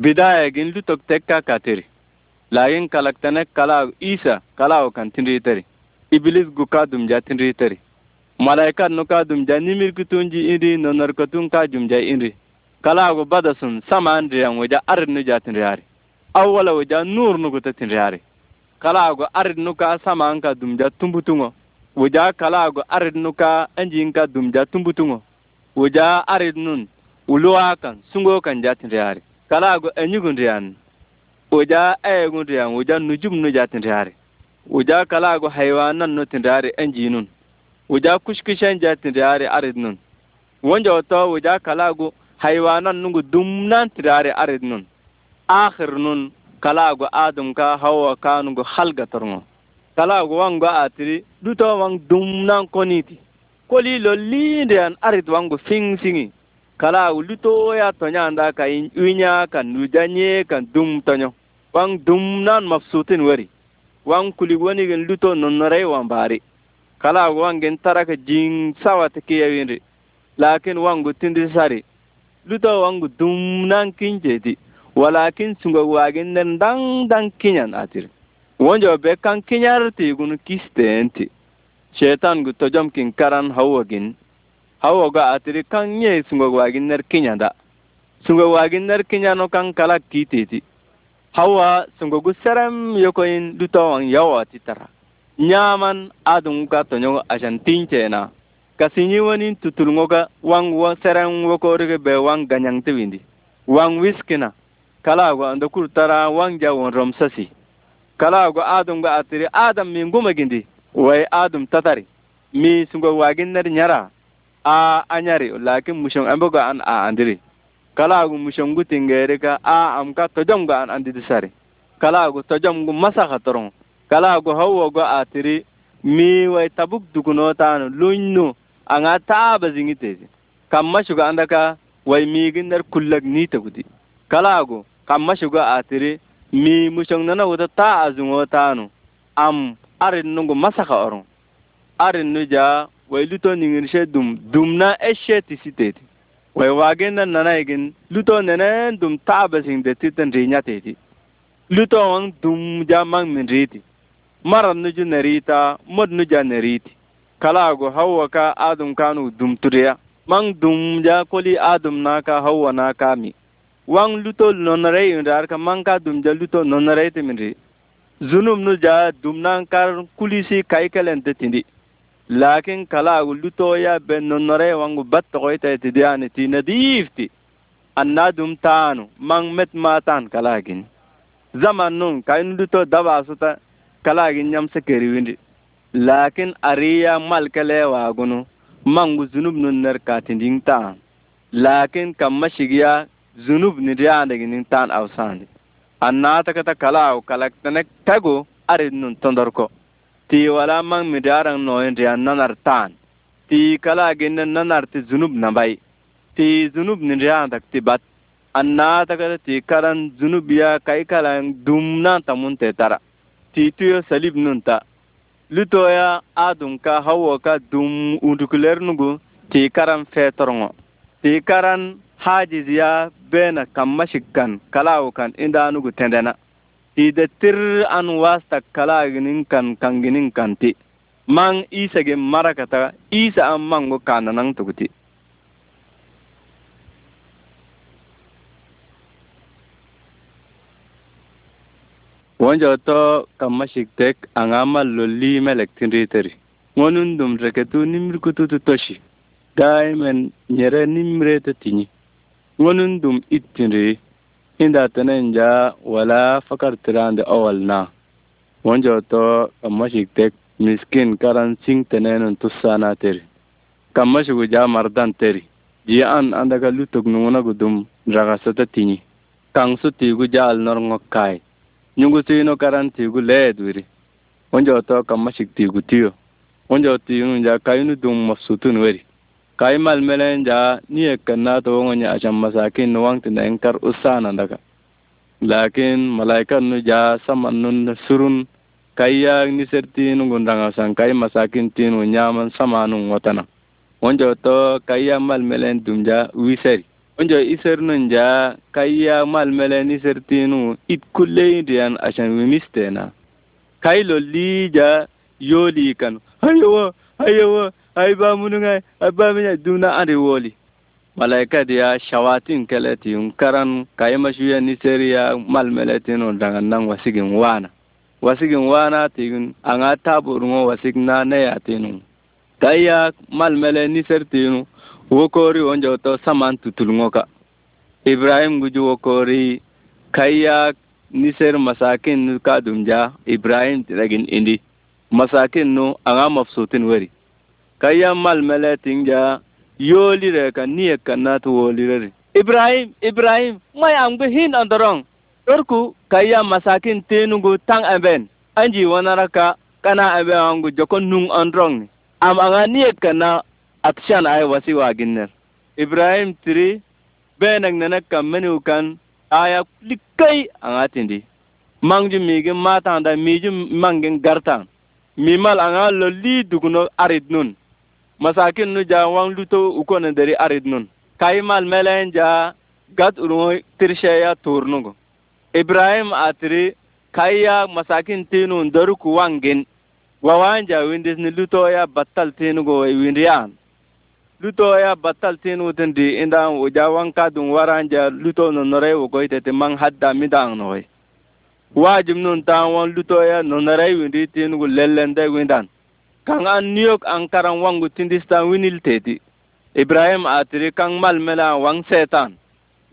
Bidaya gindu tok tekka katiri. Layin kalaktanek kalau Isa kalau kan tindritari. Iblis guka dumja tindritari. Malaika nuka dumja nimir kutunji indi nonor kotun ka jumja indi. Kalago badasun sama andriyan waja arid nuja tindriyari. Awwala waja nur nuguta tindriyari. Kalago arid nuka sama anka dumja tumbutungo. Waja kalago arid nuka anjinka dumja tumbutungo. Waja arid nun uluwa kan sungo kan ja tindriyari. kala go enyugundiyan eh, uja eegundiyan eh, uja nujum nuja tindiari uja kala go haywanan nu tindiari enjinun uja kushkishen ja tindiari aridnun wonja oto uja kala go haywanan nugu dumnan tindiari aridnun akhir nun kala go adam ka hawa ka nugu halgatorngo kala go wango atiri duto wang dumnan koniti koli lo lindiyan arid wango fing singi kala uluto ya tonya anda ka inya kan nujanye kan dum tonyo wang dum nan mafsutin wari wang kuli woni gen luto nare wang bari kala wang gen taraka jing sawata ke yawinri lakin wang gutindi sari luto wang dum nan kinjeti walakin sunga wagen nan dang dang kinyan atir wonjo be kan kinyar ti gun kistenti shetan gu kin karan hawagin awo ga atiri kan nye sungo waginar kinya da sungo waginar kinya no kan kala kititi hawa sungo gusaram yoko in wang yawa titara nyaman adung ka tonyo ajantin cena kasinyi wani tutulngo ga wang wa seren woko rege be wang ganyang tibindi wang wiskina kala go andokur tara wang jawon romsasi kala go adum ga atiri adam mi nguma gindi wai adum tatari mi sungo waginar nyara a anyari lakin mushon ambo ga an a andiri kala gu mushon gu tingere ka a am ka tojom ga an andidi sari kala gu tojom gu masa torong kala gu hawo go atiri mi wai tabuk duguno tan lunnu anga taaba Kam kamma shuga andaka wai mi dar kullag ni ta gudi kala gu kamma shuga atiri mi mushon nana wuta ta azungo tanu am arin nungu masa orong arin nuja wai luto niŋirshe dum dum dumna esheti siteti wagen na nanaigin luto nenen dum taabesiŋde titen riinyateti luto ŋon dum ja maŋ min riiti marat nuju ne mod mot nuja ne kala kalaagu hawwa ka adum kanu dum turiya maŋ dum ja koli adum na ka hawwa na ka mi waŋ luto nonarei in ka maŋ ka dum ja luto nonareiti min ri zunum nu ja dum nan kar kulisi kaikelen de tindi laakin kalaagu lutooya bennonoree wangu battokoytayti e diyaaniti nadiifti annaa dum taanu maŋ met maataan kalaagin zaman nun kayin lutoo dabaasuta kalaagin nyamsa keriwindi laakin ariya malkelee waagunu maŋgu zunub nun ner taan laakin kamma shigiya zunub nidiyaandeginin taan awsaandi annaata kata kalaagu kalaktenek tago arit nun tondorko ti wala mang no en dia nanar tan ti kala ginna nanar ti zunub nambai ti zunub ni dia dak ti bat anna takar ti karan zunub ya kai kalan ta tamun te tara ti tuyo salib nun ta lutoya adum ka hawo ka dum nu nugu ti karan torngo ti karan hajiz ya bena kamashikkan shikkan kalawo kan inda tendena idetir an wasta kala kan kan kanti man isa ge marakata isa an mango kananang tuguti wonjo to kamma shiktek angama lolli melektin riteri Wonundum dum reketu nimirkutu toshi daimen nyere nimrete tini. Wonundum dum inda tenen ja wala fakar tirande owal na wonjo to kammashik tek miskin karan sing tenenun tussana teri kammashigu ja mardan teri ji an andaga lutok nungunagu dum ragasata tinyi kang su tigu ja alnorngok kai nyungu tino karan tigu leed wiri wonjo to kammashik tigu tiyo wonjo tinun ja kayunu dum mafsutun weri kaimal melenja ja niyek to na towoŋonye masakin nu waŋ engkar usana ndaka lakin malaikat nu ja saman nun surun kay yak niser tinugu sang kay masakin tinugu nyaman samanuŋ wotana wonjo to kay mal melen dum ja wiseri wonjo iser nun ja kay mal melen iser tinugu it kulleyindiyan achan wimistena kay lo ja yoolii kan hayowo hayowo ai ba munungai ai ba minya duna ari woli malaika dia shawatin karan unkaran kayima shuya ni seriya malmeletino dangan nan wasigin wana wasigin wana tin anga taburungo wasigna ne yatinu tayya malmele ni sertinu wokori onjo to saman tutulungo ka ibrahim guju wokori kayya niser masakin ka dumja ibrahim tiragin indi masakin no anga mafsutin wari kaya mal meletiŋ ƴa yoolire kan niék kanna ti woolireri ibrahim ibrahim may amgu hin ondoroŋ torku kaya masakin tenungu taŋ emben anji wonaraka kana embe aŋgu joko nuŋ ondroŋ ni am aŋa niyek kanna atican ay wasi wa ginner ibrahim tiri benek nenek kan menuu kan aaya uli kay aŋa tindi maŋju miigin matada miiju maŋgin gartan mi mal aŋa lollii duguno arit non masakin nu ja wang luto uko ukone deri arid nun kaimal melen ja gat urungo tirsheya turnugo ibrahim atiri kayya masakin tinun daru ku wangin wawanja windis ni lutoya battal tinugo e windiyan lutoya battal tinuten di indan uja wanka dun ja luto nonore wogoytete man hadda midan noy wajib nun tan wan lutoya nonore windi tinugo lellende windan kaŋ new niyok ang karan wangu tindista winil teti ibrahim atiri kan mal mela wang setan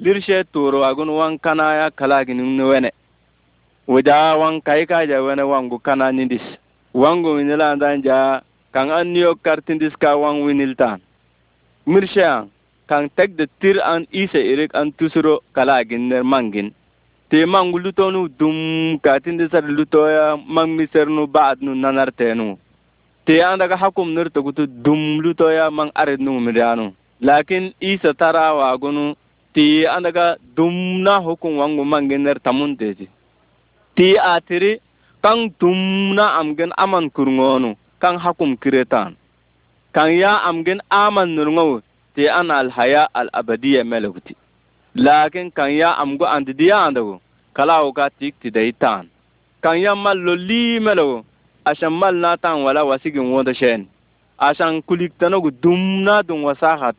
lirshe toro agun waŋ kanaya kalaginin wene wuja waŋ kaikaja wene wangu kana nindis wangu winilandan ja an new niyok kar tindis ka winil tan mirshe ang tek de tir an ise irik an tusuro kalagin ner mangin te mangu lutonu dum ka tindisar lutoya miser nu ba'ad nu nanartenu Te daga hakum ta gutu to ya man arid nu miryanu. Lakin isa tara wa gunu ti daga dumna hukum wangu mangin ner tamun teji. Ti atiri kang dumna amgen aman kurngonu kang hakum kiretan. Kang ya amgen aman nurngawu ti an al abadiya melaguti. Lakin kan ya amgo andidiya andagu kalawu ka tik ti daitan. Kan ya mallo li melagu mal na tan wala wasigin wanda shen asan kuliktanogu dumna dun wasaha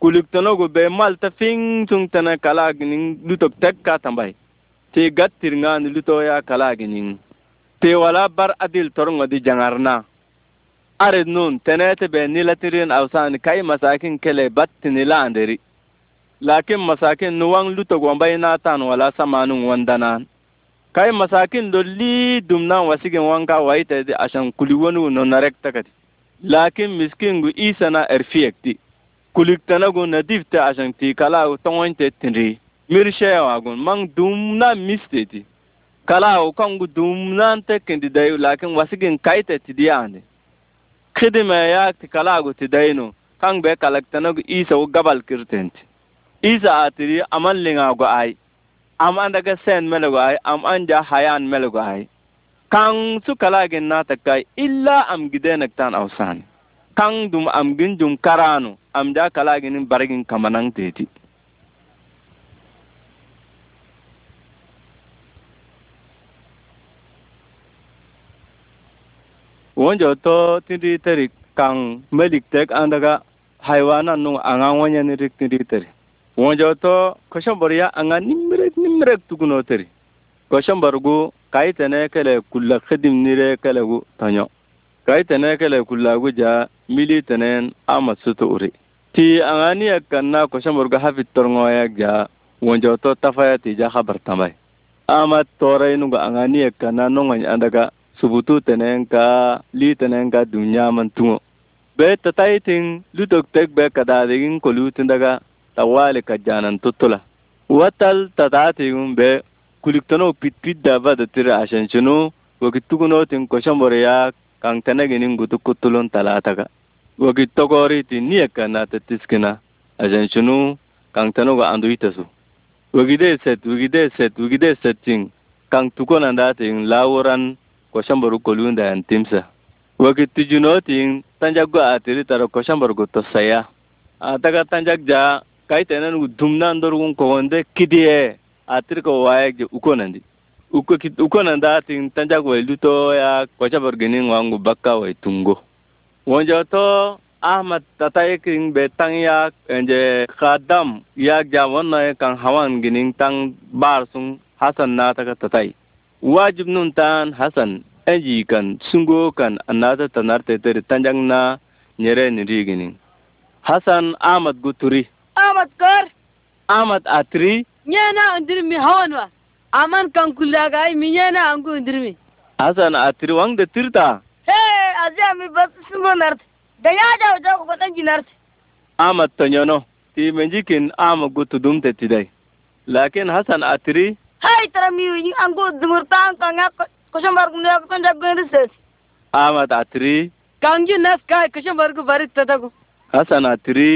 kulik tanogu be malta fin tun tana kalaginin luto tekka tambai te ni luto ya ginin. te wala bar adil torongo di jangarna are nun tenete be latirin awsan kai masakin kele battinila anderi lakin masakin nuwan luto gombai tan wala samanin wandanan Kai masakin dolli dumna wasigen wanka waitadi ashan kuliwonu nonarek takati. Lakin miskin isa na miskingu isana erfiyekti. Kuliktenagu nadifte ashan ti kalagu tongointe tinri. Mirshewagun mang dumna misteti. Kalagu kangu dumnante dai lakin kai ta wasigin kaite tidiyande. Khidime yakti no kan Kang be kalaktenagu isa u gabal kirtenti. Isa atiri amallingagu ai am daga sen melego am anja hayan melego kan su kalagin nata illa am gidenek tan ausan Kang dum am gin dum karanu am da kalagin bargin kamanang teti wonjo to tindi tari kang melik tek andaga haiwanan nung anga wanya ni rik tindi wojoto ko sombor ya aŋa nimirek nimirek tukuno teri ko sombargu kayitene kele kulla kedim nire kelegu tonyo kayitene kele kullagu ja mili tenen ama suto uri ti aŋa niyek kanna ko somborgu hafit torŋoyek ja wojoto tafaya tija habar tambay ama torainugu aŋa niyek kanna noŋoy andaga subutu tenen ka li tenen ka dunyaman tuŋo be tatayitin lutok tek be kadadigin ko lutindaga awali ka tutula watal tataatigum be kuliktono pitpit daba datira ashanchinu wakittugunotin koshamboriya kankanaginin gutu kuttulun talataga wakit togoriti niyaka natatiskina ashanchinu kanktanoga anduyitasu wagideset wagideset wagidesetin kaŋtukonandatin lawuran koshambor kolundayan timsa wakittujunotin tanjaggo atiri tara koshambor gotosaya ataka tanjak kaiten nan dumnan dorgun kogonde kidiye atirko wayakje ukonandi uko ukonanda tin tanjak wailu to ya kochabar ginin wangu bakka wai tungo wonjo to ahmad tatay king be tang ya enje khadam ya ja wonna kan hawan ginin tang bar sun hasan na ta tatay wajib nun tan hasan enji kan sungo kan anata tanarte ter tanjang na nyere ni riginin hasan ahmad guturi qaamat kor qaamat atri nyena undirmi hawanwa aman kankullagai mi nyena angu undirmi hasan atri wangda tirta he azami basismo nart dayaja ujaku batanji nart qaamat tonyono ti menjikin ama gutu dumte tidai lakin hasan atri hay tarami angu dumurtan kanga kushambargumne konjagundisesi qaamat atri kangi nas kai kushambargu barit tatagu hasan atri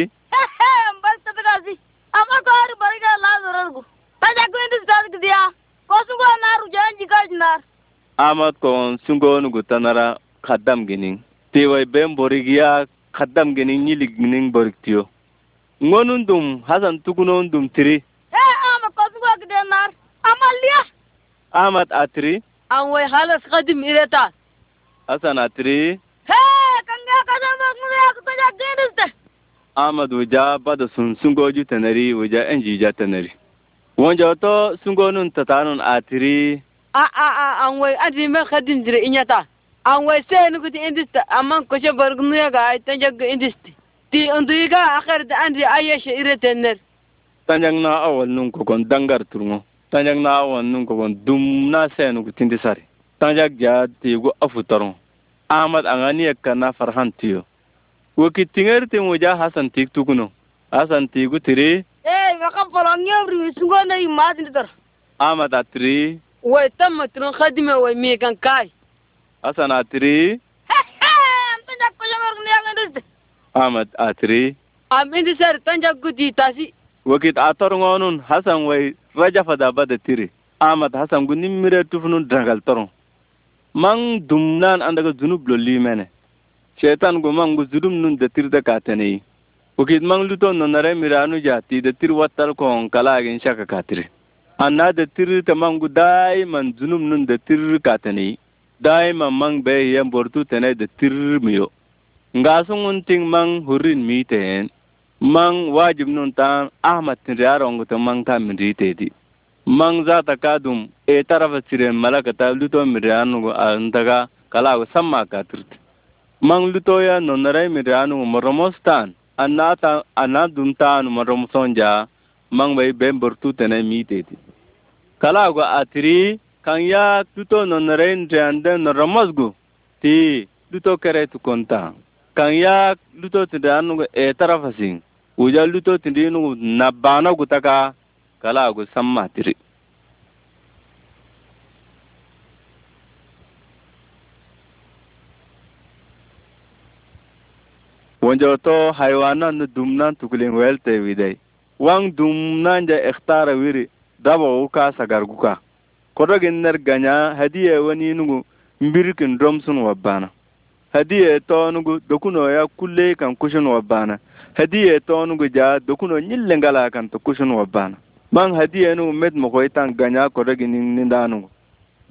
Amat kon, sungon kon tanara kaddam genin. Teway ben borik ya, kaddam genin nye lik menen borik tiyo. Ngon undum, hasan tukun ondum tri. He, amat, kosungon kon tanara, amat liya. Amat atri. Amway hales kaddi mire ta. Hasan atri. He, kangya kaddam ondum ya, kutajak genis de. Ahmad Wuja bada sun sungo ju tanari wija enji ja tanari. Wanja to sungo nun tatanun atiri. A a a an wai aji me khadin jira yata. An wai sai ni kuti indista amma ko she bargnu ya ga ta jag indista. Ti undu ga akhar da andi shi ire tener. Tanjang na awal nun ko dangar turmo. Tanjang na awal nun ko dum na sai ni kuti indisari. Tanjag ja ti go afutarun. Ahmad an aniya kana farhan tiyo. wakitinger te moja hasan tiig tukuno hasan tiigu tiri ee maka volonŋebriwi suŋgona yimaatindi tor amata tiri way tamma tiron khadime way miikan kaay hasan a tiri tanjak kuyaŋorgniyagindiste amat a tiri am indi ser tanjak gudi tasi wakit a ngonun hasan way fada bada tiri amat hasan gunim mire tufunun dangal toron mang dumnan andaga zunub lo limene. Seetan gumaŋgu zulum nun da tir da katani wokit maŋ luton nonore miraanu jaa tii datir wattal kon kalaagin chaka katiri anna datir tamaŋgu daayiman zulum nun da tir datir katani man maŋ bee hiye mbortu tene tir miyo ŋaasuŋun tiŋ maŋ hurrin miiteen maŋ waajib nun ta ahmad tinriyaaroŋgu ti maŋ kaa mindriiteeti maŋ zaata kaa dum e tarafa siren malaka ta luton midriyaanugu antaka kalaagu samma katirte manglutoya nonorai mi ranu moromos tan anata anadum tan moromoson ja mangbai be bortu tene miteti kala go atiri kan ya tuto nonorai ndrande noromos gu ti luto kere tu konta kan ya luto tidanu e tarafasin uja luto tidinu nabana gutaka kala go samma tiri Wonjo haywana haywanan nu dumnan tukulin welte widai. Wang dumnan ja ikhtara wiri dabo uka sagarguka. Kodogin ner ganya hadiye wani nugu mbirkin domsun wabbana. hadiye tonugu dokuno ya kulle kan kushin wabana. hadiye tonugu ja dokuno nyille ngala kan to kushin wabbana man hadiye nu med mo koitan ganya koregi nindanu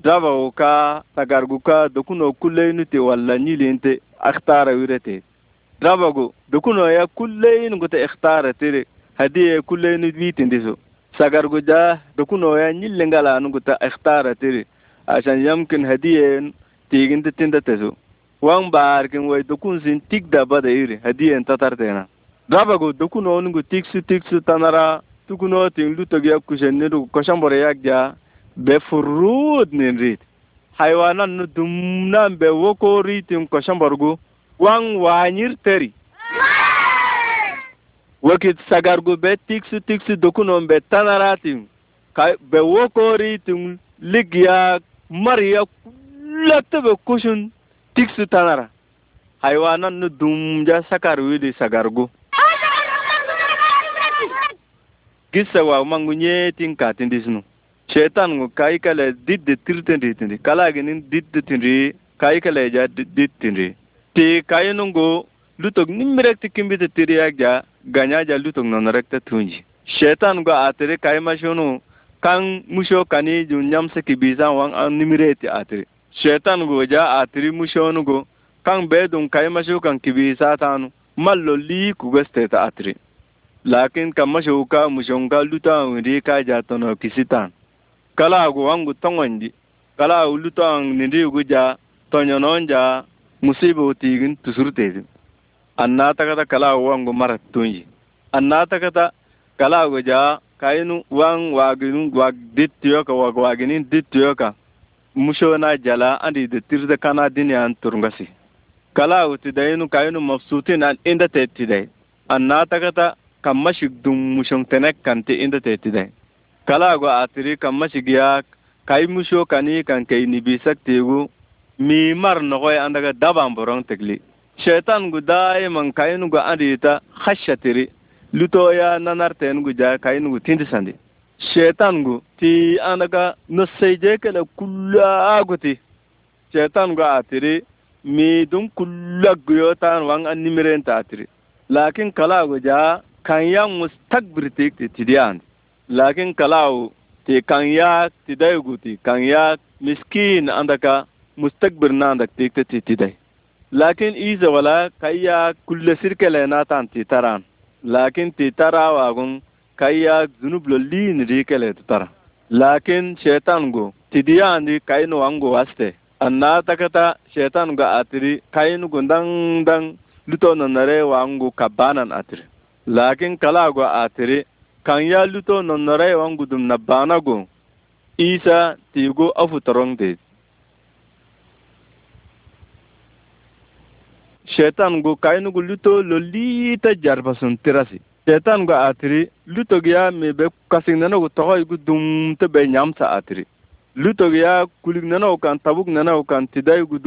daba ka tagargu ka dokuno kulle nuti walla nyilinte akhtara wirete rabagu dukuno ya kulleyin gote ikhtara tiri hadiye kulleyin wiitindisu sagargu ja dukuno ya ñille ngalanu gote ikhtara tiri asan yamkin hadiyen tiigindi tindatesu wan baarkin way dukunsin tigda bada iri hadiyen tatartena rabagu dukunonungu tigsu tigsu tanara tukuno tin lutog ya kusennirugu kosamboro yak ja be furuud nin riit haywanan nu dumnan be woko riitin kosamborgu wan waañirteri wokit sagargu be tigsi tigsi dokunon ɓe tanaratin ka ɓe wokoritin liggiya mariya latto ɓe kusun tigsi tanara haywa nannu dumja sakar widi sagargu gisse wawmangu ñeetin ka tindisnu setan ngu kaykele diddi tirtindi tindi kalagini diddi tindi kaykeleja diddi tindi tii nungo lutok nimirek ti kimbiti tiriyak ja ja lutok rek ta tunji shetan go atiri kaimashunu kan musho kani ju nyamse kibisan wan an nimire ti atere shetan go ja atiri mushonu go kan bedun kaimashu kan kibiza tanu mallo li kubeste ta atere lakin kamashu ka mushon ka luta wiri ka ja tono kisitan kala go wangu tongonji kala luta nindi go ja tonyonon ja musiiba u tiigin tusurteedi annatakata kalagu wangu marat tunji annatakata kalagu jaa kainu wan waginu wagdittiyoka wagwaginin dittiyoka mushona jala andi detirde kana diniyan turngasi kalagu tidayinu kayinu mabsutin an inda te tiday annatakata kammashig dum mushoŋtenek kanti inda te tiday kalagu atiri kammashig yaa kai musho kanii kan kei nibisak tiigu mimar nogoy andaga daban borong tegli shaitan gu daiman luto andita nanar lutoya nanartenugu ja tindi sandi. shaitan gu ti andaga kala kele aguti shaitan gu atiri mi dun kullaguyo tan wan an ta atiri lakin gu ja kan ya mustakbirti ti tidiyandi lakin gu ti kan ya ti daygu ti kan ya miskin andaka mustakbir nan dak tek te titide lakin iza wala kayya kulle sirkele na tan titaran lakin titara wa wagun kayya zunub lo lin rikele titara. lakin shaitan go tidiya andi kainu wango waste anna takata shaitan go atiri kainu go dang dang luto nonore wango kabanan atiri lakin kala go atiri kan ya luto nonore wango dum nabana go isa tigo afu torong de shetangu kaynugu luto lolita liite jarbasun tirasi shetangu atiri lutogiya me be kasignanogu dum te be ñamsa atiri lutogiya kulignanogu kan tabuk tabugnanogu kan tidaygu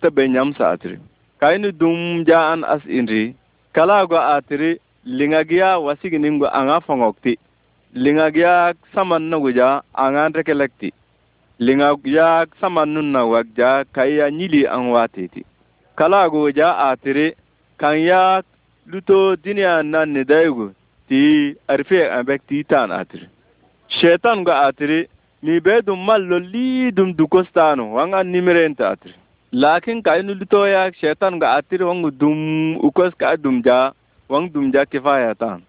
te be ñamsa atiri kayni dum ja an as inri kalagu atiri liŋagiya wasiginiŋgu aŋa foŋokti liŋagiya samannugu ja aŋa rekelekti liŋagiya samannun na wag ja kayiya nyili aŋ waatiti kala goja atiri kan ya luto duniya nan ni daigu ti arfe abek ti tan atiri shetan ga atiri mi be dum mallo li dum du kostano wanga nimirenta atiri lakin ka inu luto ya shetan ga atiri wangu dum ukos ka dum ja wang dum ja kifaya tan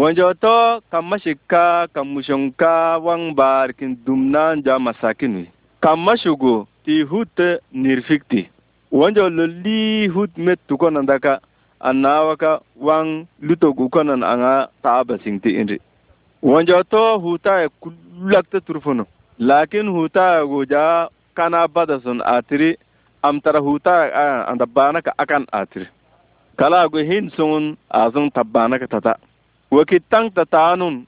wanjo to kam kaa kam mushonka wang bar kin dumnan ja masakini kam mashugo ti hutte nirfikti wanja lo li hut met tu konan daka annawaka wan lutogu konan anga taaba singti inri wonjo to hutaya e kullakta turfuno lakin hutaya ja kana badason atiri amtara hutaya ayan andabanaka akan atiri kalagu hin suŋun aasuŋ tabbanaka tata waki wakit taŋ tataanun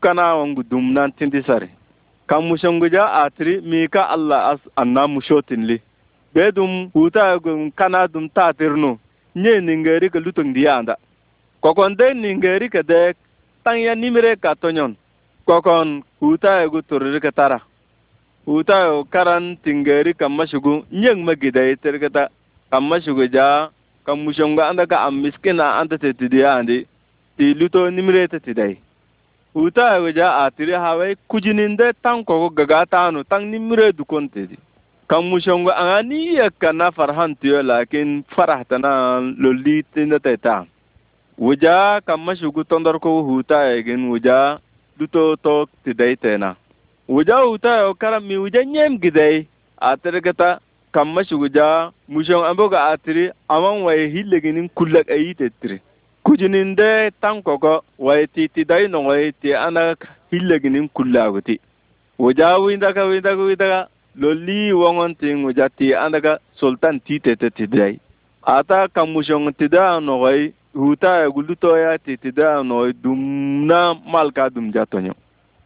kana wangu dumnan tindisari kan musongu ja atiri mika allah as anna mushotinli bedum dum gun kana dum ta tirnu nye ningeri ke lutung kokon de ningeri ke de tangya ka tonyon kokon kuta gu turri ke tara kuta karan tingeri kamashugu nyeng magidai terketa mashugu ja mushonga anda ka ammiskina anda te andi ti luto nimire te tidai kuta gu ja atire hawai kujininde tang koko gaga tanu tang nimire dukontedi kan musongo anga ni yekka na farhan tuyo lakin farah tana lolli tinda te ta wuja kan mashugu tondor ko huta egin wuja duto to tidai tena wuja huta yo karam mi wuja nyem gidai atergata kan mashugu ja musong amboga atri aman waye hillegin kullak ayi tetri kujinin de tanko ko waye ti tidai no waye ti anak hillegin kullaguti wuja winda ka winda ka winda ka loli ti wongonti ngujati andaka sultan te tidai ata kamushong tida nogoy huta e gulutoya titida noy dumna malka dum jatonyo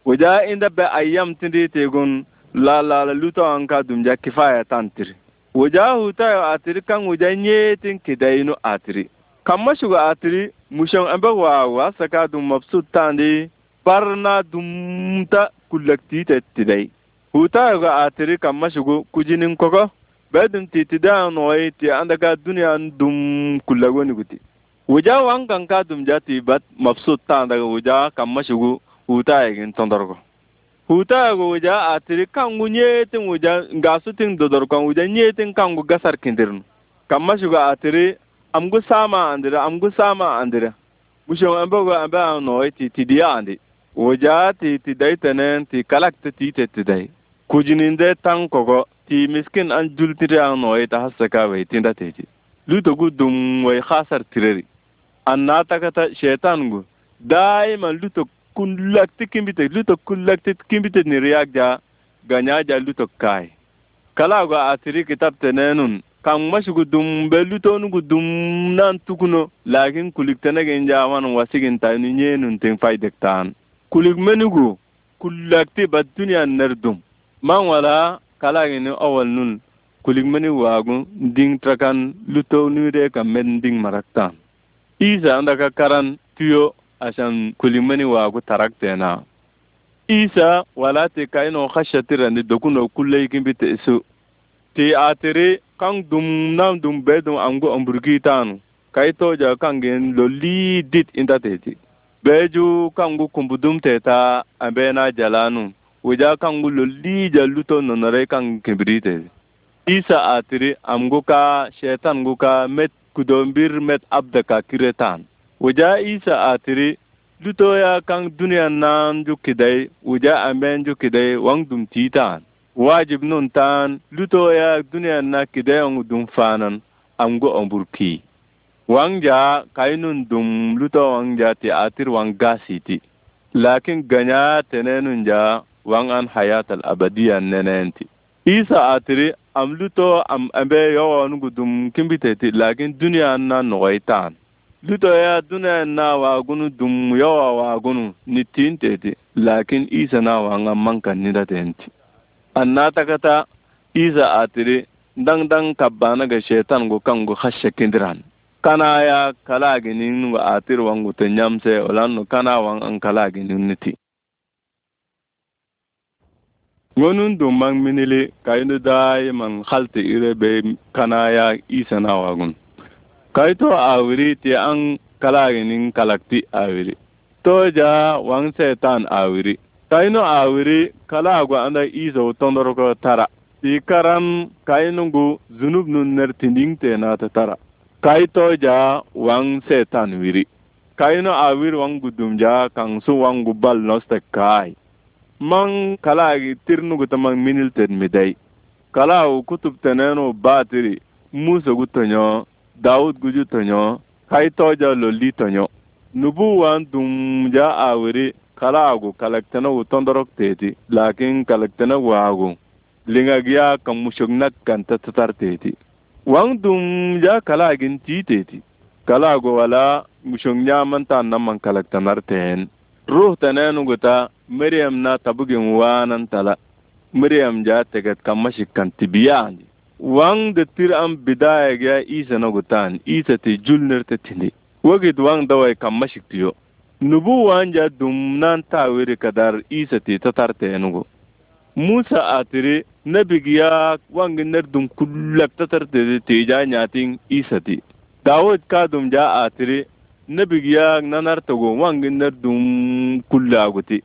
wuja inda be ayyam tindi gun la la luto anka ja kifaya tantiri wuja huta e atiri kan wuja nyetin kidainu atiri kamma shuga atiri mushong ambe wa wa saka dum mabsut tandi barna dumta kullak te tidai atiri aatiri kammasigo kujinin koko bedum da noyi ti andaka duniya dum guti wuja wan kan ka dum jati bat mabsut ta andaga wuja huta hutayagin tondorgo hutayago wuja aatiri kangu nyetin wuja ngasutin dodorkon wuja kan kangu gasar kindirnu kammasigo aatiri amgu sama andira amgu sama andira mushon ambogo ambe a noyi ti tidiya andi wuja ti tidai tenen ti kalakta ti dai kujininde taŋ kogo ti miskin an jultire an noye ta hasa kawe tinda teti lutogu dum way khasar tireri an na takata shetan gu daiman luto kun lakti kimbite luto kun kimbite ni riyak ja ganya ja luto kaay kala go atiri kitab tenenun kan gu dum be lutonugu dum nan tukno lakin kulik tenegin jaman wasigin ni tin faydek tan kulik menugu kulakti bat duniya ner dum man wala kalagini owol nun kulikmani waagu ndiŋ trakan lutow nuire kan met ndiŋ maraktan isa andaka karan tuyo asan kulikmani waagu taraktena isa wala ti kayino hasatirandi dokuno kulleikimbi te su ti atiri kaŋ dum nam dum be dum amgu omburgitanu kai toja kaŋgin lolii dit indateti beju kaŋgu kumbudumteta abena jalanun wija kangu lollija luto nonore kan kibrite isa atiri amgu ka shetan gu ka met kudombir met abda ka kiretan wija isa atiri luto ya kan duniya nan ju kidai wija amen ju kidai wang dum titan wajib nun tan luto ya duniya na kidai ang dum fanan amgu wang ja kainun dum luto ja ti atir wang gasiti lakin ganya tenenun ja wan an hayat al abadiya nenenti isa atiri amluto am ambe yo nugu dum kimbiteti lakin duniya na nogoitan luto ya duniya na wa gunu dum yawa wagunu nitin teti lakin isa na wa wanga mankan nidatenti anna takata isa atiri dang dang kabana ga shetan go kango hashe kindiran kana ya kala ginin wa atir wangu tenyamse nyamse olanno kana wang an kala ginin niti gonun dum mang minili kayinu daayi man halti irebe kanaya isanawagun kayito awiri ti an kalaginin kalakti awiri toja wang setan awiri kayinu awiri kalagu anda iso tondoroko tara ti karan kayinungu zunub nun ner tindingte nata tara kaytoja wang setan wiri kayinu awiri wang gudumja kansu wangu bal nostek kaayi maŋ kala tirnugu ta maŋ minil ten miday kala kutub tenenu baatiri musa gu tonyo daud guju tonyo kai toja loli tonyo nubu wan dum ja awiri kala agu kalaktena gu tondorok teti lakin kalaktena gu agu linga giya kan mushok nak kan ta tatar teti wan dum ja kala agin ti teti kala agu wala mushok nyaman ta namman kalaktenar ten ruh tanenuguta miryam na tabugin wanan tala miryam ja teget kamashi kan tibiyandi wang de tir an bidaya ga isa na gutan isa te julner te tinde wagit wang dawai kamashi shiktiyo nubu wanja dumnan tawiri kadar isa te tatarte enugo musa atire nabigiya wangin ner dum kullak tatarte te ja nyatin isa te dawud kadum ja atire nebig yaak nanar togo wangi nar dum kullaguti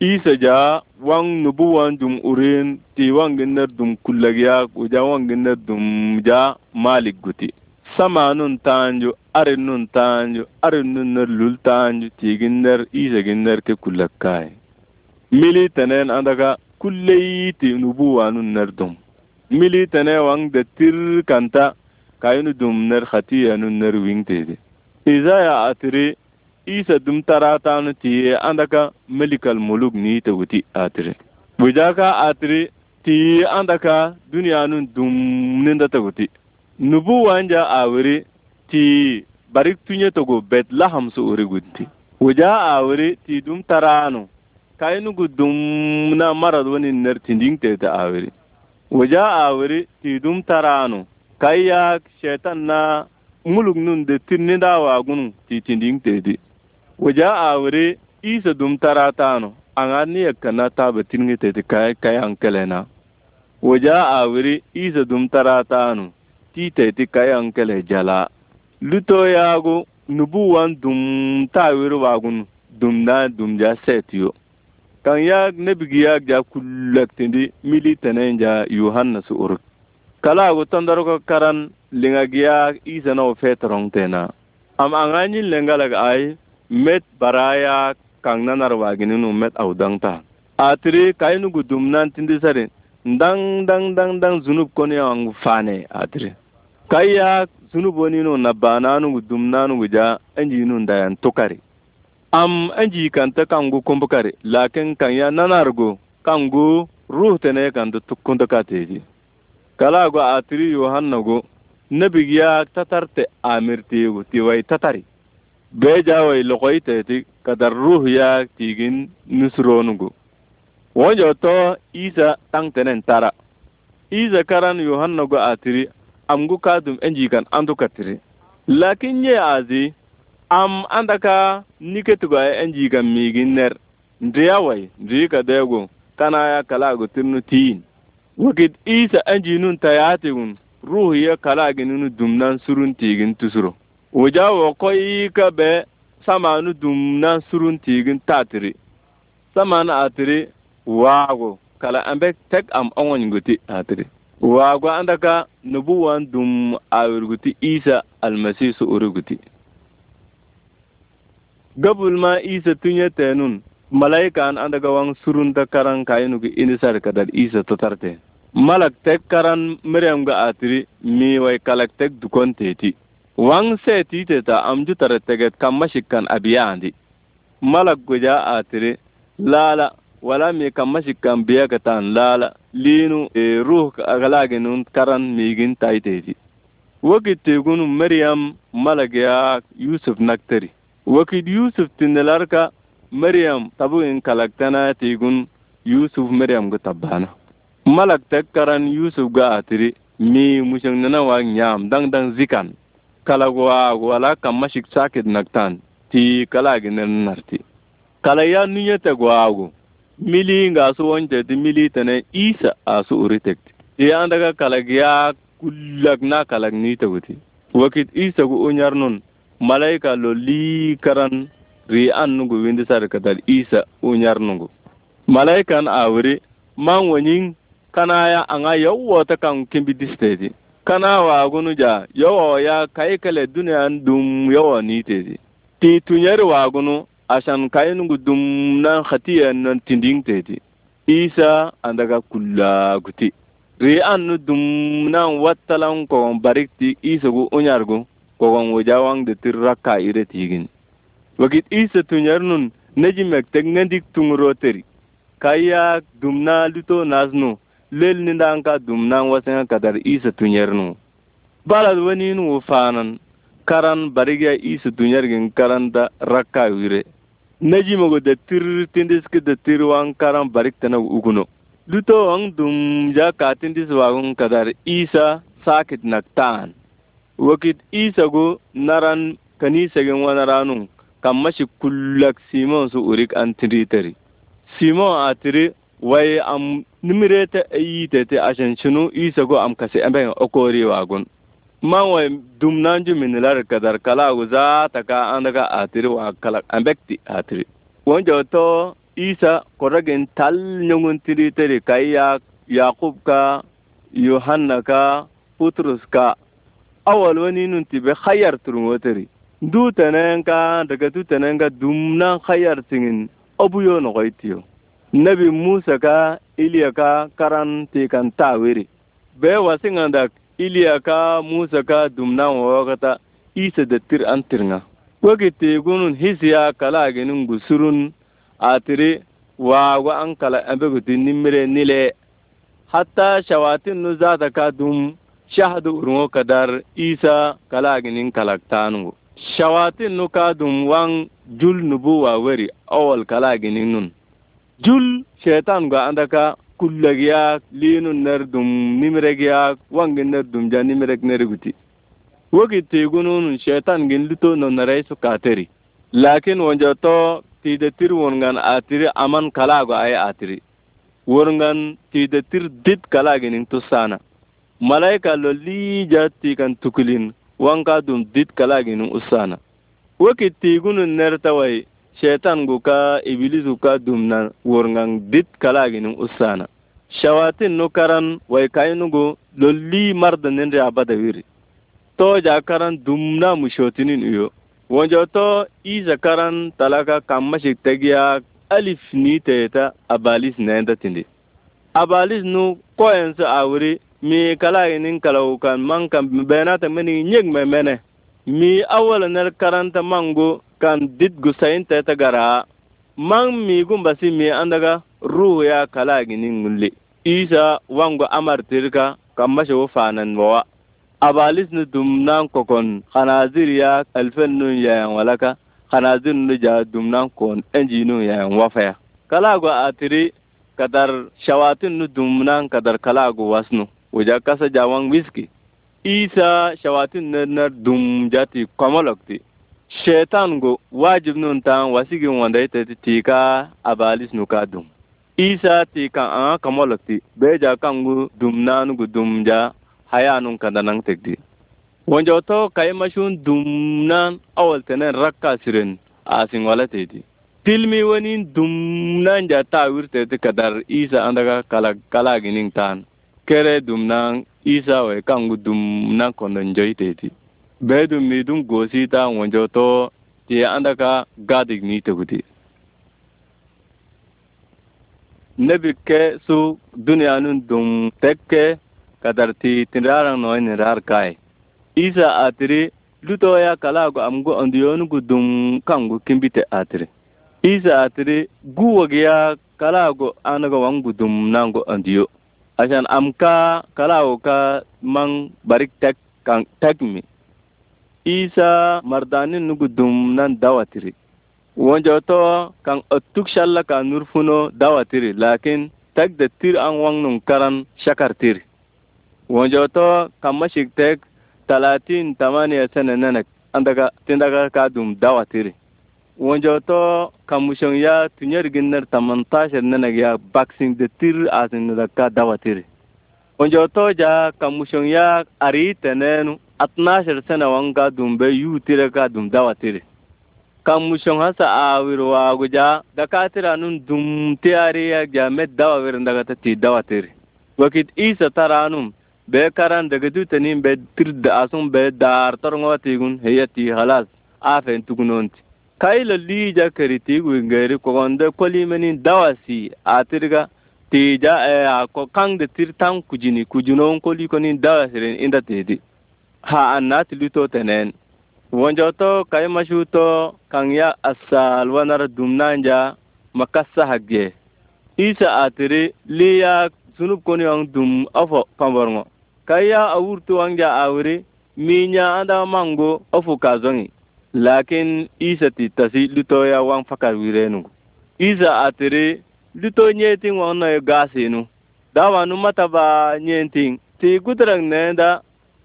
isa ja wang nubu wan dum urin ti wangi nar dum kullag yaak uja wangi nar dum ja malik guti sama nun tanju arin nun tanju arin nun ner lul tanju gin ner isa gin ner ke kulla kai mili tenen andaga kullei ti nubu wanun ner dum mili tanen wang da tir kanta kayunu dum ner khatiya nun ner wing tede إذا يا أتري إيسا دم تراتان تي عندك ملك الملوك ني تغتي أتري بجاكا ti andaka عندك nun dum nenda نند تغتي نبو وانجا آوري تي barik tunye togo betlaham so uri gutti wuja awre ti dum tarano gu dum na marad wani ner tindin te ta awre wuja awre ti dum tarano kayak shetan na muluk nun da tirni gunu gunun titindin tedi waja awre isa dum taratano anga niya kana taba tirni tedi kaya kaya na waja awre isa dum ti titeti kaya ankele jala luto nubu nubuwan dum wa gunu dum na dum ja setiyo kan ya bigi ya ja tindi mili tanen ja yohanna su uruk kala go ko karan lingagia isana o fetrong tena am angani lengalag ai met baraya kangnanar wagininu met audangta atri kainu gudumnan tindisari ndang dang dang dang zunub koni ang fane atri kaya zunubonino nabananugu dumnanugu ja nu ndayan tukari am anji kanta kangu kumbukari lakin kanya nanargo kangu ruhtene kandu kala go atri go. nabigya tatarte amirtiigu tiway tatari beejaway loqoyteeti kadar ruh ruuhyaak tiigin nusroonugu wonjo to isa tenen tara isa karan yohannagu a tiri amgu kaadum enjiikan anduka tiri lakin ye azi am andaka niketugu a enjiikan miigin ner ndriyaway ka deegu tanaya kalaagu tirnu tiyin wakit isa enjiinun tayaatigun ruh ye dum dumnan surun tigin tusuro wuja wo ko ka be samanu dumnan surun tigin tatiri na atiri wago kala ambe tek am ongonguti atiri waago andaka nubuwan dum awirguti isa almasisu uruguti gabul ma isa tunye tenun an andaga wang surun da karan kayinu ki inisar kadar isa ten. malak tek karan miryamga atiri way kalak tek dukon teeti waŋ see tiiteta amju tara teget kammashikkan shikkan abiyaandi malak gojaa aatiri laala wala mi kammashikkan shikkan biyakataan laala liinu e, ruh agalaaginun karan miigin taayteeti wokit tiigunu miryam malak yaak yusuf nakteri wakid yusuf tindilarka miryam tabugin kalak tanaa tiigun yusuf miryamgu tabbaana Malak tek karan Yusuf ga atiri mi mushin nana wa nyam dang dang zikan kala wa wala kam mashik sakit naktan ti kala ginen narti kala ya nunye te gwago mili nga su wonje ti mili tene isa asu uritek ti ya e daga kala ya kullak na kala ni te wuti wakit isa gu unyar nun malaika lo li karan ri an nugu windi sar kadal isa unyar nugu malaikan awri man wanin kana ya anga yawo ta kan kimbi distedi kana wa gunu ja yawo ya kai kale duniya dum yawo ni tedi ti tunyar wa gunu asan kai nungu dum nan khatiya nan tinding tedi isa andaga kulla guti ri an nu dum nan wattalan ko barikti isa gu unyargu kogon wajawang de tiraka ire tigin wakit isa tunyar nun nejimek tek ngendik tungro kaya dumna luto nasnu. lel ni ndan ka dum nan wasen ka dar isa tunyar nu bala wani nu fanan karan barigya isa tunyar gin karan da rakka wire naji mago da tir tindis ke da tir wan karan barik tana uguno duto ang dum ja ka tindis wagun kadar isa sakit naktan wakit isa go naran kanisa gin wani ranu kan mashi kullak simon su urik an simon a tiri wai an nimirete eyitete achen chunu isago amkasi emben okori wagun manwe dumnanju minilar kadar kala zata ka andaga atiri wa kala ambekti atiri wonjo to isa koragin tal nyungun tiri tiri kayya yaqub ka yohanna ka putrus ka awal wani nun tibe khayar turungoteri du tenen ka daga du tenen ka dumnan khayar tingin obuyo nogoitiyo nabi musa ka iliya ka karan tekan tawere be wasiŋa da iliya ka musa ka dumnan wawakata isa da tir an tirŋa wegi tegunun hisiya kalaginin gusurun atiri waago an kala ambegoti nimire nile hatta shawatin nu zata ka dum shahadu urŋo kadar isa kalaginin kalaktanugu shawatin nu ka dum waŋ jul nubuwa weri awol kalaginin nun jul shaytaan ga'andaka kullak yak liinun ner dum nimirek yaak wangin ner dum ja nimirek neriguti wokit tiigunun shaytangin luto nonoreysu kaateri laakin wonjo to tiidetir wonŋan aa aman kalaagu ay aatiri tiri worŋan tiidetir dit kalaaginin tusaana malayika lo liija tiikan tukulin waŋ dum dit kalaaginin usaana wokit tiigunun ner taway shaitan gu ka ibilisu ka dumnan wurngan dit kala kalaginin usana shawatin nukaran karan wai kainugu lolli mardanin ri abada wiri to ja karan dumna mushotinin iyo wonjo to iza karan talaka kammashik tagiya alif ni ta abalis na nenda tindi abalis nu a wuri. mi kala kalaginin kalawukan man kan benata mini nyeg memene mi awala ner karanta mango kan dit gusayin ta gara man gumba si mi andaga ruhu ya kala gini ngulle isa wango tirka kan mashi wo fanan bawa abalis ni dumnan kokon khanazir ya alfen nun ya walaka khanazir nu ja dumnan kon enji nun yayan wafaya go atiri kadar shawatin nu dumnan kadar go wasnu wuja kasa jawang wiski isa shawatin na dum jati kwamolokti go wajib nun tan wasigin wanda ita ti ka abalis nuka dum isa ti kan an kamolok ti beja kangu dum nanugu dum ja haya nun nan tekdi wanda to kai mashun dum nan awal tenen rakka siren asin wala tedi tilmi wani dum nan ja ta wirte ti kadar isa andaga kala kala ginin tan kere dum nan isa we kangu dum nan kondon joy tedi beedum miidum goosiita wonjoto ti andaka gaadik nii teguti nebi ke su duniyanun dum tekke kadar ti tindraraŋ noy nindrar kaay isa aatiri luto ya kalaagu amgu onduyonugu dum kaŋgu kimbite aatiri isa aatiri guwogiya kalaagu anago waŋgu dum naŋgu onduyo acan am ka kalaagu ka maŋ barik tek kaŋ tekmi isa mardanin nugu dum nan dawatiri wonjo to kan ottuk shalla ka nurfuno dawatiri lakin tag da tir an wang nun karan shakar tir wonjo to kan mashik tek talatin tamaniya sene nenek andaga tindaga ka dum dawatiri wonjo to kan mushon ya tunyar ginnar tamantashar nenek ya boxing da tir asin da ka dawatiri wonjo to ja kan mushon ya ari tenenu Atinasher sena waŋ gadum ɓe yuu tire gadum dawa tiri kaŋ musoŋ hasa aawir waagu jaa dakatira nun dum ti ariya jaa met dawa wir ndagata tii dawa tiri wakit iisa taranum ɓe karan degedu tenin bee tirde asum ɓe daar torŋoo tiigun heya tii halas aafen tugunonti kailo liija keri tiigu wiŋgeeri kogonde kolii menin dawa sii aa tirga tiija e eh, a ko kaŋde tir taŋ kujini kujunoŋ kolii konin dawa siren inda tiidi haa a naati luto tenen wonjoto kaimasuto kan ya asal wanara dumnanja makassa hagge isa atiri liya sunub koni wang dum afo pamborngo kaya awurtu wangja awiri minya anda mango afu kazongi lakin isa ti tasi luto ya wang fakar wirenu isa atiri luto nyeting wang noy gasinu dawa numata ba nyeting ti gudrang nenda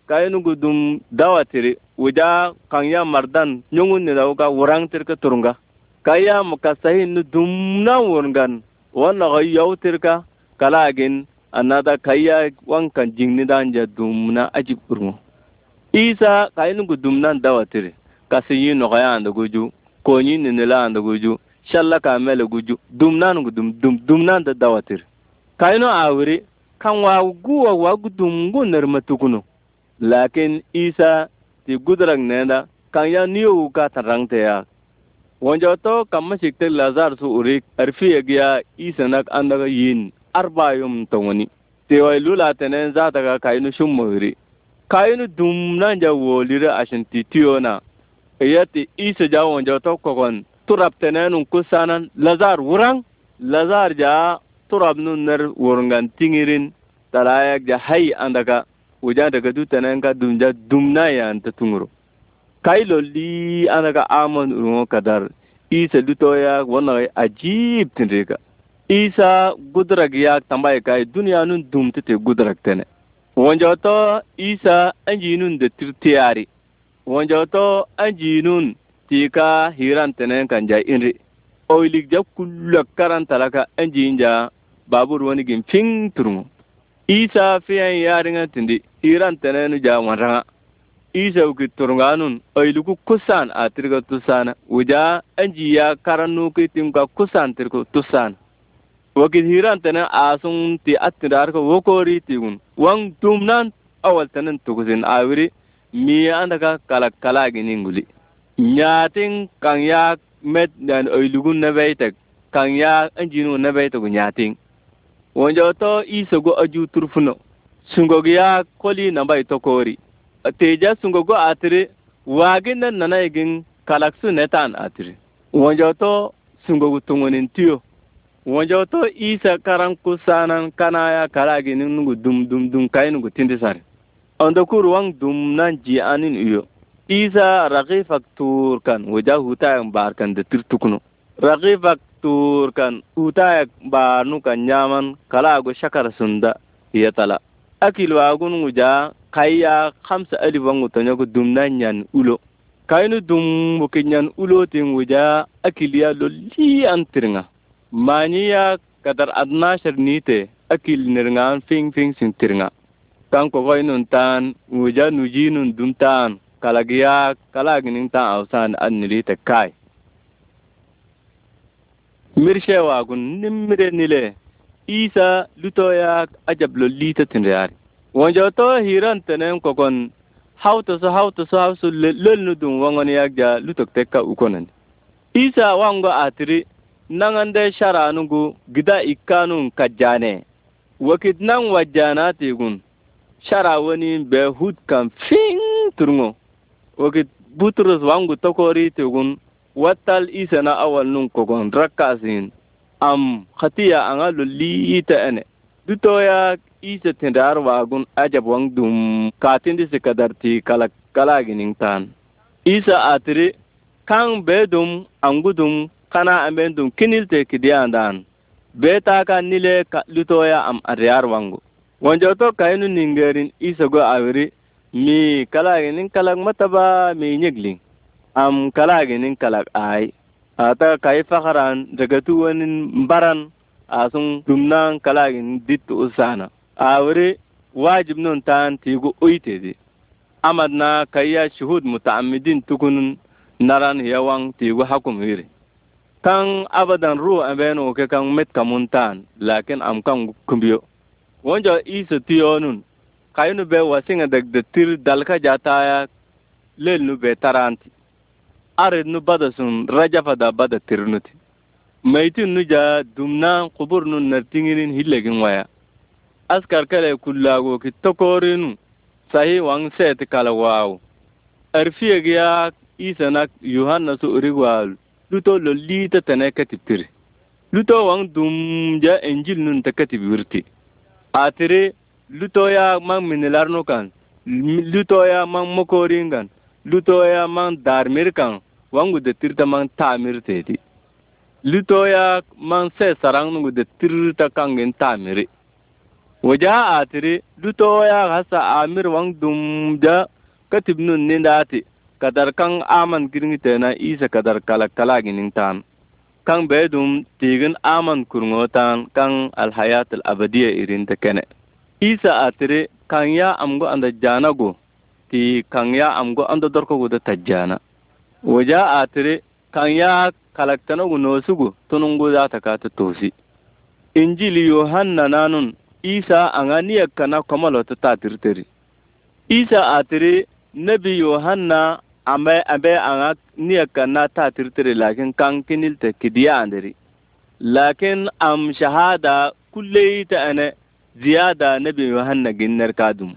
kaynugu dum dawa tiri wija kan ya mardan nyungu nila uka wurang tir ka turunga kaya mukasahin nu dum na wurngan wala ga yaw tir ka kala agin anada kaya wan kan jingni danja dum na aji kurmo isa kaynugu dum nan dawa tiri kasi yi nogaya anda guju konyi nila anda guju shalla ka mele guju dum nan gu dum dum dum nan da dawa tiri kayno awiri kan wa guwa wa gu dum gu nerma lakin isa ti gudrak nenda kan ya niyo ka tarang te ya wonjo to kamma sikte lazar su urik arfi egya isa nak andaga yin arba arbayum tongoni te wai lula tenen za daga kayinu shummuri Kainu dum nan ja wolira ashinti titiyo na ti isa ja wonjo to kokon turab tenenun kusanan lazar wurang lazar ja turab nun ner wurngan tingirin talayak ja hay andaga. hujan rekadu ka dumja dumna ta tuŋuro kai lolli ga amon ruwa kadar isa luto yak wonoy ajib tindrika isa gudrak ya tambaye kai duniya nun dum tete gudrak tene wonjoto isa nun da tirtiyari wonjoto nun tika hiran kan ja inri oilik ja kullak karan talaka anjinja babur wani gin fin turmo isa fiyan yaringa tindi iran ja jawanranga isa uki turunganun oiluku kusan a atirga tusan wuja anji ya tun timka kusan tirku tusan Waki hiran tenen asun ti attindarka wokori tigun wang tumnan awal tana tukusin awiri mi andaka gini nguli nyatin kan ya met dan oilugun nabaitak kan ya anjinu nabaitak nyatin wonjo to go aju turfuno sungo ya koli namba itokori teja go atire. wagi nan nana igin kalaksu netan atire. wonjo to go tungonin tiyo wonjo to isa karan kusanan kanaya karagi nungu dum dum dum kainugu tindisari ondokur wang dum nan ji anin iyo isa ragifak turkan wajahu ta barkan da tirtukuno ragifak tur kan utayek banu kan nyaman kalago shakar sunda iya tala akil wagun kaya kayya hamsa alifan gutanyago dumna nyan ulo kainu dum buki nyan ulo tin nguja akiliya lo li antirnga maniya kadar adnashar nite akil nirngan fing fing sintirnga kan kokoynun tan uja nujinun dum tan kalagiya kalaginin tan awsan annilite kai mirshewa kun nimmire nile isa lutoya ajablo lita tinreari wonjo to hiran tenen kokon hawto so hawto so hawso lolnu dum wangon yakja lutok tekka ukonan isa wango atri nangande sharanugu gida ikkanu kajane wakit nan wajjanatigun shara wani be hud kan fin turngo wakit butrus wangu tokori tigun wattal isana a wal numg ko gon raka sin am ha tiya aa lolli te ene lutooya isaa te ndaar waagun a jabwang dum ka tidi si kadarti kala kalagi ning taan isaa atiri kaŋ beedum anngudum kana a meen dum kinil te kidiyan ndan betaka ni le kaɗ lutoya am a tayar wanngu woniooto kay nu ninngeerin isaa gu awri mi kalagining kalak mataba mi ñegling am kala ginin kalak ai ata kai fakaran daga tuwanin baran asun kala kalagin dit usana awre wajib nun tan tigu uitedi amadna ya shuhud muta'ammidin tukunun naran yawan tigu hakum wiri kan abadan ru abeno ke kan met kamun tan lakin am kan kumbiyo wonjo isa tiyonun kayunu be wasinga dag de tir dalka jataya lelnu be taranti arid nu bada sun rajafada bada tirnuti maitin nu ja dumna kubur nu nartinginin hillegin waya askar kale kullago ki tokorinu sahi wang set kala wawu giya isanak yohanna su urigwalu luto lo liita tene katibtiri luto wang dum ja injil nun ta katibirti atiri luto ya mang minilarnu kan luto ya mang mokorin lutoya maŋ daarmir kaŋ wan gu detirta maŋ taamir teeti lutoya man se sarang see de tirta detirta kaŋgin taamiri wajaha atri lutoya hasa amir waŋ dumja katib nun nindaati kadar kaŋ aman tena isa kadar kala kala ginin tan kan bedum tiigin aman kurŋoo al hayat al abadiya irin ta kene isa atri kaŋ ya amgo anda janago ti kan ya amgo ando dorko guda tajjana waja atire kan ya kalaktanogu noosugu ta zata kata tosi injili yohanna nanun isa ka na kana ta ta tirteri isa atiri nabi yohanna ambe ambe niyar ka na ta tirteri lakin kaŋ kinilte kidiya andiri lakin am shahada kulle ta ene ziyada nabi yohanna ginnar kadum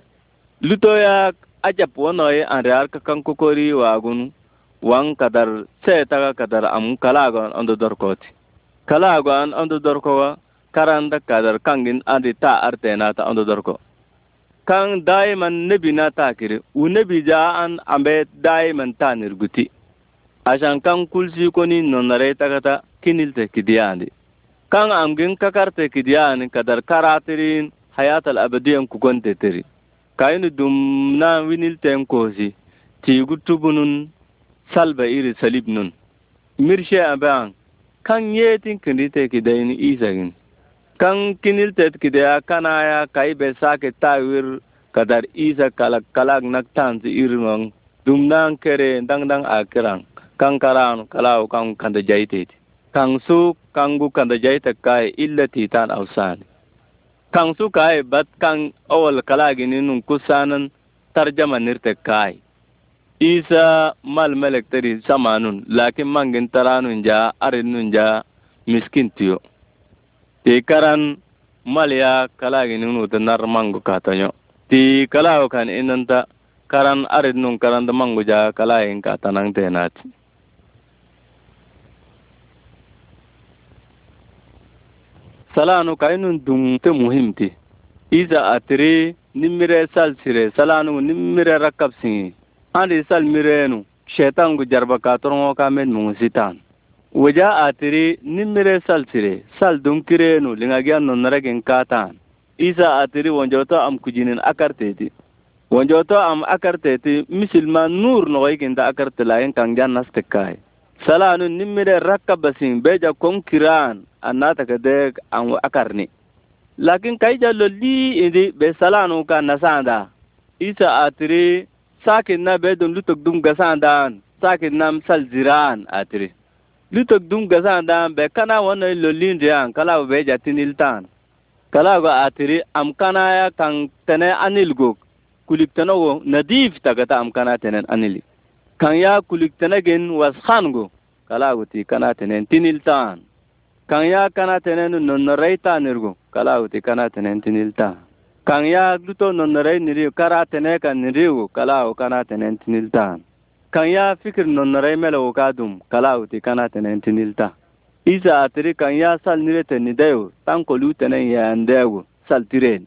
lutoyak ajab ye an real ka kanko korii waagun wan kadar seetaga kadar am kalaa an ondo dorkooti kalaago an ondo dorkowa karanda kadar kangin andi ta arteenata ondo dorko kan daiman nebi na takiri wu nebi jaa an ambe daiman ta nirguti ashan kan kulsi koni kinil tagata kinilte kidiyaandi kan amgin kakarte kidiyaani kadar karatirin hayatal abadiyan kukonteteri ni dum na winil ten kosi ti tubu nun salba iri salib nun mirshe abean kan yeetin kindite dayin isagin kan kinil tet kidaya kanaya kai be sake tawir kadar isa kalak kalak nak tanzi irmang dum nan kere dang dang akran kan karan kalau kan kanda jaitet kan su kan gu kanda jaita kai illa titan ausani kan su kai bat kan awal kalagini nun kusanan tarjama nirte kai isa mal melek tedi samanun lakin mangin taranun ja arin nun ja miskin tiyo ti karan mal ya kalagini nuta nar mangu katanyo ti kalago kan inanta karan arin nun karan da mangu ja kalayin katanang tenati salanu kainun dum te muhimti isa atiri nimire sal sire salanu nimire rakab singi andi sal mirenu shetan gu jarba ka torongo ka taan mungsitan weja atiri nimire sal sire sal dum kirenu lingagian non naragin taan isa atiri wonjoto am kujinin akarteti wonjoto am akarteti misilma nur nogoikinta akartelayen kang jan nastekkai salanu nimire rakka basin beja kiran annata kede an akarni lakin kai jallo li indi be salanu ka nasanda isa atri sakin na be don lutok dum gasandan sakin nam sal ziran atri lutok dum gasandan be kana wona lolin dian kala be jatinil tan kala go atri am kana ya kan tene anilgo kulik tanogo nadif tagata am kana tenen anilgo kaŋ yaa kulik tenegin wasxangu kalagu ti kana tenen tinil taan kaŋ yaa kana tenen nonnorey taanirgu kalagu ti kana tenen tinil taan kaŋ yaa luto nonnorey niriu kara tene kan niriu kalagu kana tenen tinil taan kaŋ yaa fikir nonnorey melewu kaa dum kana tenen tinil taan isa atiri kaŋ yaa sal nirete nideyu taŋ koluu tenen yayandeegu sal tiren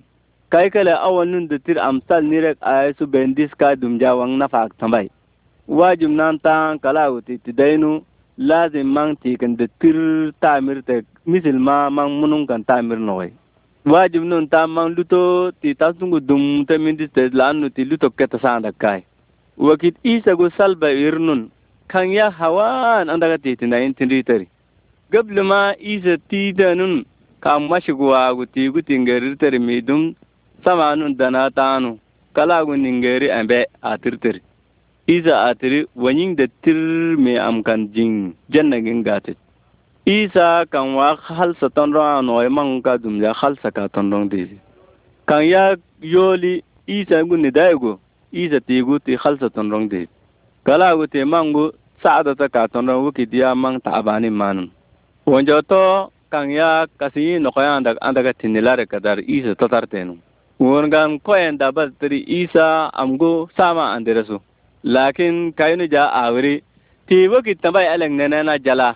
kaikele awol nun ditir nirek ayesu bendis kaa jaa waŋ nafaak tambay wajib nan ta kalawo ti tidainu lazim man ti kan da tir tamir ta misil ma man munun kan tamir noy wajib nun ta man luto ti tasungu dum ta min ti lanu ti luto keta sanda kai wakit isa go salba irnun kan ya hawan andaga ti tin ritari gablu ma isa tidanun ka mashigwa guti guti ngari tari mi dum sama nun dana tanu kala gu ningari ambe a tirtari isa a tiri wanyin da tir mai amkan jin jing janna isa kan wa halsa ton ron yi man ka dum ya halsa ka ton ron de kan ya yoli isa gun ne da go isa te yi te halsa ton ron de kala go te gu sa'ada ta ka ton ron ki man mang ta abani manun wonjo to kan ya kasi yi ka an daga ka tinilare kadar isa ta tenu wani gan koyan da bas tiri isa amgu sama su. lakin kayinu ja awiri tibo kitamba eleng nenena jala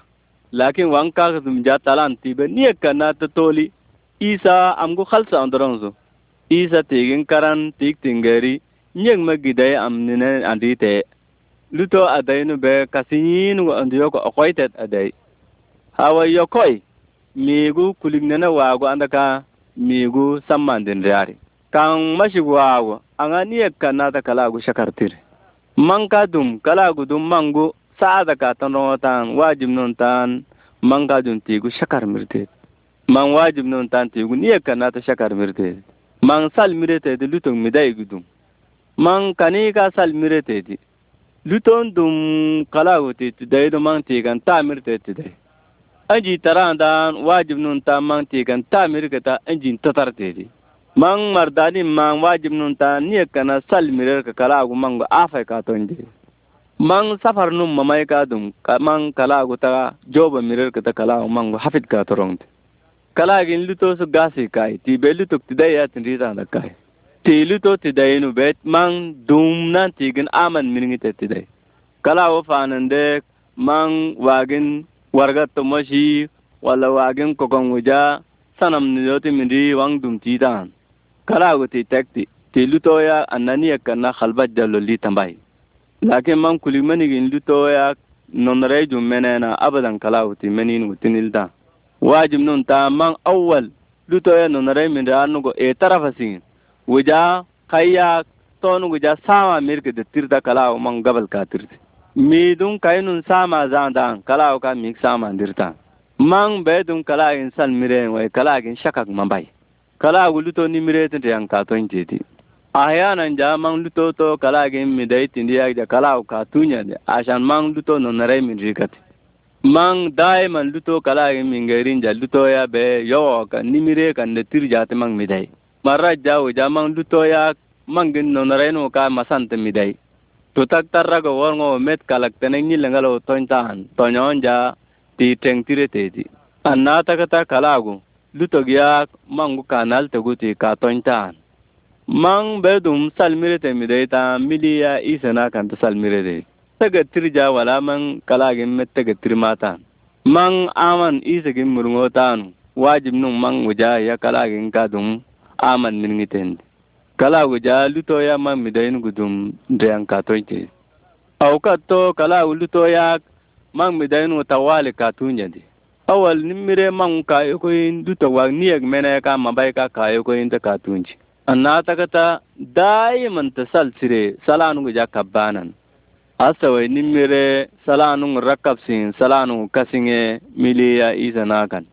lakin wan kakdum ja talan tibe niyeka na tatoli isa amgo khalsa ondorongzo isa tigin karan tik tingeri nyeng magiday am nine andite luto adayinu be kasinyin ko okoytet aday hawa yokoy miigu kulignene waagu andaka miigu sammandin dari. kan mashig waagu aŋa niyek ka kala gu shakartire manka dum kala dum mangu saada ka tan tan wajib non tan manka dum tigu shakar mirte man wajib non tan tigu niya kanata shakar mirte man sal mirete di lutong midai gudum man kani ka sal mirete di luton dum kalagu ti dai do man tigan ta mirte dai anji taranda wajib non tan man tigan ta mirkata anji tatarte di Mang mardani mang wajib nun ta niya kana sal mirer ka kalagu mango afay ka tonje mang safar num mamay ka dum maŋ kalagu ta joba mirer ka ta kalagu mango hafid ka torongte kalagin luto su gasi kai ti be luto tidai ya tin rita na kai ti luto tidai nu bet mang dum nan gin aman miringite tidai kalagu fanande mang wagin warga tomoshi wala wagin kokong wuja sanam ni yoti mindi wang dum titan kalaagoti tagti ti lutoya ananiya kana halba jalo litambai lakin man kulimanigin lutoya nonreyju menena abadan kalaagoti menin wutinilda wajib nun ta man awal lutoya nonrey minra nugo e tarafa sigin wuja kayya tonugu ja sama mirkide tirda kalawo man gabal ka tirti miidun kaynun sama zandan kalawo ka mik sama dirta man bedun kalagin sal miren way kalagin shakak mambai kalaagu luto nimireetindi yan kaa toñ teeti ahyaanan jaa maŋ luto to kalaagin mi dayitindi yak ja kalaagu kaa tuuñandi achan maŋ luto nonorey min rikati maŋ daayiman luto kalaagin min geerin ja lutoya be yowo ka nimiree kan ne tir jaati maŋ miday marrat jaawo jaa maŋ lutoya maŋgin nonoreynu kaa masante miday tutak tarrago worŋo wo met kalak teneŋ ñillaŋalo wo toñ taan toñoon jaa ti teŋ tire teeti annaa takata kalaagu yak mangu kanal teguti katontan Mang bedum salmirete mideyta miliya isena kanta salmirete tege tirja wala man kalagin met tege tirmatan Mang aman isegin murŋotanu wajib nun mang wuja ya kalagin ka dum aman nirŋitendi kala wuja lutoya man mideyingu dum dreyan katoyte ka to kala lutoya man mideyingu tawali katunyedi awal nimire mang ka ekoyin ni niyek mena ka mabai ka ka ekoyin ta katunji dai man ta sal sire salanugu ja kabbanan asawai nimire salanugu rakabsin salanu kasinge miliya isanakan